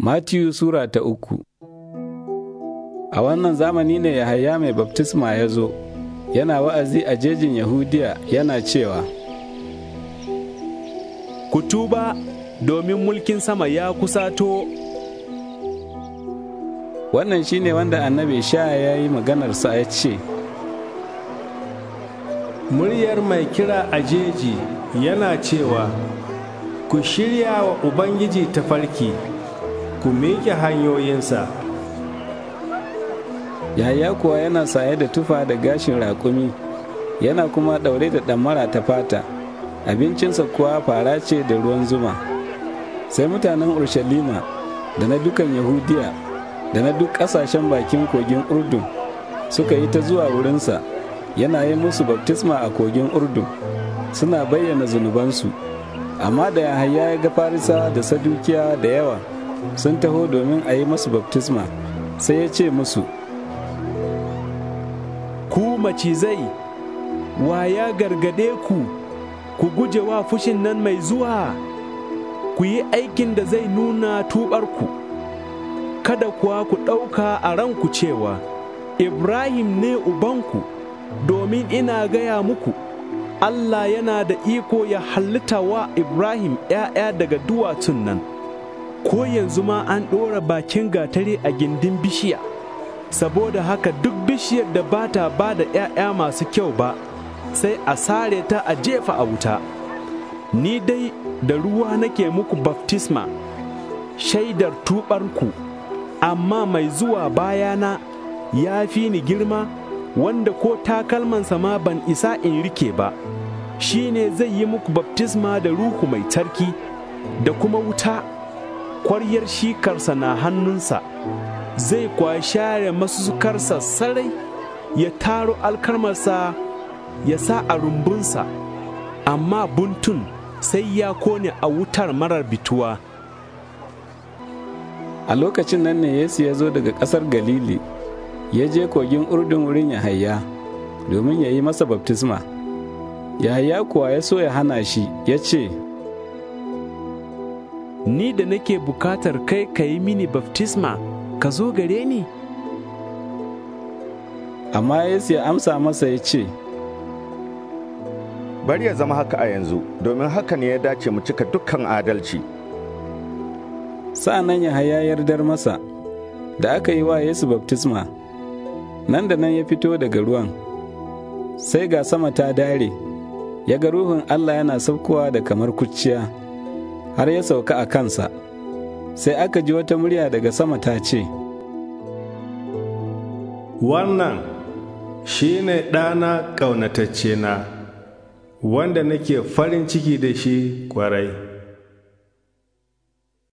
Matiyu Sura ta uku A wannan zamani ne Yahaya mai baftisma ya zo, yana wa'azi a jejin Yahudiya yana cewa, Ku tuba domin mulkin sama ya kusato. Wannan shi ne wanda annabi sha ya yi maganarsa ya ce, Muryar mai kira a jeji yana cewa, Ku shirya wa Ubangiji tafarki. farki. ku miƙe hanyoyinsa yaya kuwa yana saye da tufa da gashin raƙumi yana kuma ɗaure da ɗamara ta fata abincinsa kuwa fara ce da ruwan zuma sai mutanen urshalima da na dukan yahudiya da na duk ƙasashen bakin kogin urdun suka yi ta zuwa wurinsa yana yi musu baftisma a kogin urdun suna bayyana zunubansu amma da yahaya ya ga farisa da sadukiya da yawa sun taho domin a yi masu baftisma sai ya ce musu ku macizai wa ya gargade ku ku guje wa fushin nan mai zuwa ku yi aikin da zai nuna tubarku kada kuwa ku ɗauka a ranku cewa ibrahim ne ubanku domin ina gaya muku Allah yana da iko ya halitta wa Ibrahim ‘ya'ya daga duwatsun nan. ko yanzu ma an ɗora bakin gatari a gindin bishiya saboda haka duk bishiyar da ba ta ba da ‘ya'ya masu kyau ba sai a sare ta a jefa a wuta ni dai da ruwa nake muku baftisma shaidar tuɓarku amma mai zuwa bayana ya fi ni girma wanda ko takalmansa ma ban isa in rike ba shi ne zai yi muku baftisma da ruhu mai tarki da kuma wuta kwaryar shikarsa na hannunsa zai kwa share masusukarsa sarai ya taro alkarmarsa ya sa a rumbunsa amma buntun sai ya kone a wutar marar bituwa a lokacin nan ne yesu ya zo daga ƙasar galili ya je kogin urdun wurin yahaya domin ya yi masa baftisma yahaya kuwa ya so ya hana shi ya ce ni da nake bukatar kai ka yi mini baftisma ka zo gare ni? Amma Yesu ya amsa masa ya ce, Bari ya zama haka a yanzu, domin haka ne ya dace mu cika dukkan adalci. Sa'an ya haya yardar masa, da aka yi wa Yesu baftisma, nan da nan ya fito daga ruwan, sai ga sama ta dare, ya ga Ruhun Allah yana saukowa da kamar kuciya. har ya sauka a kansa sai aka ji wata murya daga sama ta ce wannan shi ne ɗana ƙaunatacce na wanda nake farin ciki da shi ƙwarai